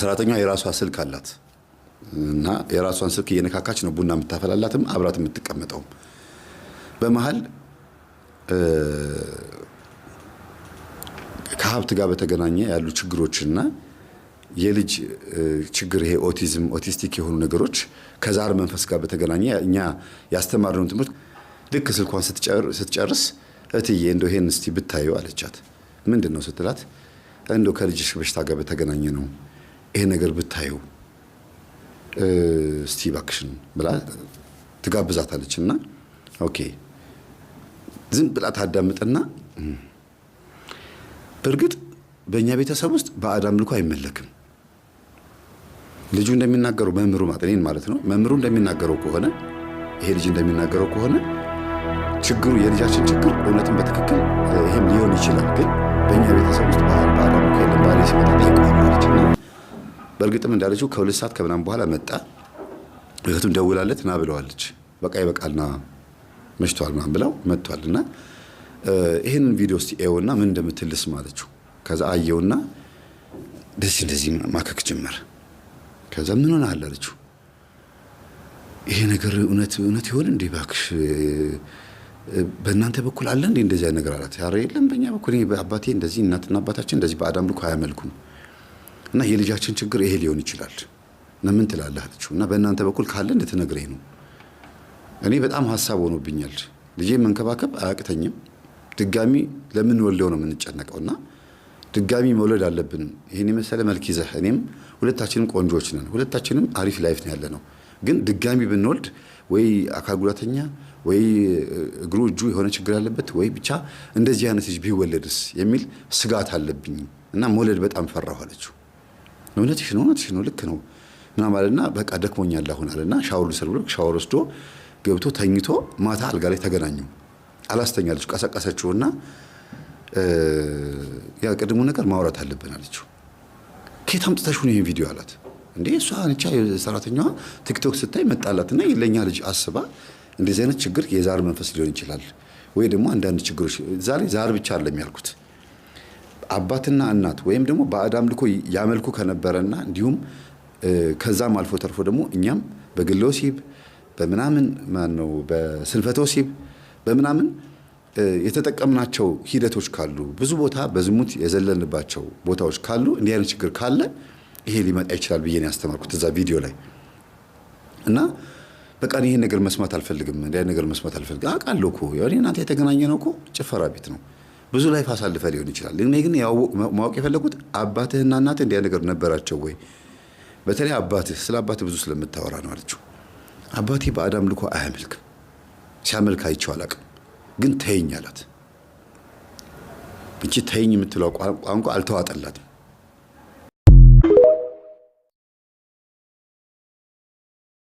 ሰራተኛዋ የራሷ ስልክ አላት እና የራሷን ስልክ እየነካካች ነው ቡና የምታፈላላትም አብራት የምትቀመጠውም። በመሀል ከሀብት ጋር በተገናኘ ያሉ ችግሮችና የልጅ ችግር ይሄ ኦቲዝም ኦቲስቲክ የሆኑ ነገሮች ከዛር መንፈስ ጋር በተገናኘ እኛ ያስተማርነውን ትምህርት ልክ ስልኳን ስትጨርስ እትዬ እንደ ይሄን እስቲ ብታየው አለቻት። ምንድን ነው ስትላት እንዶ ከልጅሽ በሽታ ጋር በተገናኘ ነው ይሄ ነገር ብታዩ እስቲ እባክሽን ብላ ትጋብዛታለች። እና ኦኬ ዝም ብላ ታዳምጥና በእርግጥ በእኛ ቤተሰብ ውስጥ ባዕድ አምልኮ አይመለክም። ልጁ እንደሚናገረው መምህሩ ማጥኔን ማለት ነው። መምህሩ እንደሚናገረው ከሆነ ይሄ ልጅ እንደሚናገረው ከሆነ ችግሩ የልጃችን ችግር እውነትን በትክክል ይህም ሊሆን ይችላል። ግን በእኛ ቤተሰብ ውስጥ ባህል በአዳም ከልባሌ ሲመጣ ይቆማለች በእርግጥም እንዳለችው ከሁለት ሰዓት ከምናምን በኋላ መጣ። እህቱም ደውላለት ና ብለዋለች። በቃ ይበቃልና መሽቷል ምናም ብለው መጥቷል እና ይህንን ቪዲዮ ስ ኤውና ምን እንደምትልስ ማለችው። ከዛ አየውና ደስ እንደዚህ ማከክ ጀመር። ከዛ ምን ሆነ አለችው። ይሄ ነገር እውነት እውነት ይሆን እንዲ ባክሽ በእናንተ በኩል አለ እንዲ እንደዚህ ነገር አላት። ኧረ የለም በእኛ በኩል አባቴ እንደዚህ እናትና አባታችን እንደዚህ በአዳም አያመልኩም እና የልጃችን ችግር ይሄ ሊሆን ይችላል እና ምን ትላለህ አለችው። እና በእናንተ በኩል ካለ እንድትነግረኝ ነው። እኔ በጣም ሀሳብ ሆኖብኛል። ልጄ መንከባከብ አያቅተኝም። ድጋሚ ለምን ወልደው ነው የምንጨነቀው? እና ድጋሚ መውለድ አለብንም። ይህን የመሰለ መልክ ይዘህ እኔም ሁለታችንም ቆንጆች ነን፣ ሁለታችንም አሪፍ ላይፍ ነው ያለ ነው። ግን ድጋሚ ብንወልድ ወይ አካል ጉዳተኛ ወይ እግሩ እጁ የሆነ ችግር ያለበት ወይ ብቻ እንደዚህ አይነት ልጅ ቢወለድስ የሚል ስጋት አለብኝ እና መውለድ በጣም ፈራሁ አለችው። እውነትሽ ነው እውነትሽ ነው ልክ ነው ምናምን አለና በቃ ደክሞኛል አሁን አለና ሻወር ልሰር ብሎ ሻወር ወስዶ ገብቶ ተኝቶ ማታ አልጋ ላይ ተገናኙ። አላስተኛ አላስተኛለች ቀሰቀሰችውና ያ ቅድሙ ነገር ማውራት አለብን አለችው። ከየት አምጥተሽ ነው ይህን ቪዲዮ አላት። እንዴ እሷ ንቻ ሰራተኛዋ ቲክቶክ ስታይ መጣላትና የለኛ ልጅ አስባ እንደዚህ አይነት ችግር የዛር መንፈስ ሊሆን ይችላል ወይ ደግሞ አንዳንድ ችግሮች ዛሬ ዛር ብቻ አለ የሚያልኩት አባትና እናት ወይም ደግሞ ባዕድ አምልኮ ያመልኩ ከነበረና እንዲሁም ከዛም አልፎ ተርፎ ደግሞ እኛም በግለ ወሲብ በምናምን ነው በስንፈተ ወሲብ በምናምን የተጠቀምናቸው ሂደቶች ካሉ ብዙ ቦታ በዝሙት የዘለንባቸው ቦታዎች ካሉ እንዲህ አይነት ችግር ካለ ይሄ ሊመጣ ይችላል ብዬ ያስተማርኩት እዛ ቪዲዮ ላይ እና በቃ ይሄን ነገር መስማት አልፈልግም፣ እንዲህ ነገር መስማት አልፈልግም። አውቃለሁ እኮ እናንተ የተገናኘ ነው እኮ ጭፈራ ቤት ነው ብዙ ላይፍ አሳልፈ ሊሆን ይችላል። እኔ ግን ማወቅ የፈለጉት አባትህና እናትህ እንዲያ ነገር ነበራቸው ወይ? በተለይ አባትህ ስለ አባትህ ብዙ ስለምታወራ ነው አለችው። አባቴ በአዳም ልኮ አያመልክም፣ ሲያመልክ አይቼው አላቅም፣ ግን ተይኝ አላት። እቺ ተይኝ የምትለው ቋንቋ አልተዋጠላትም።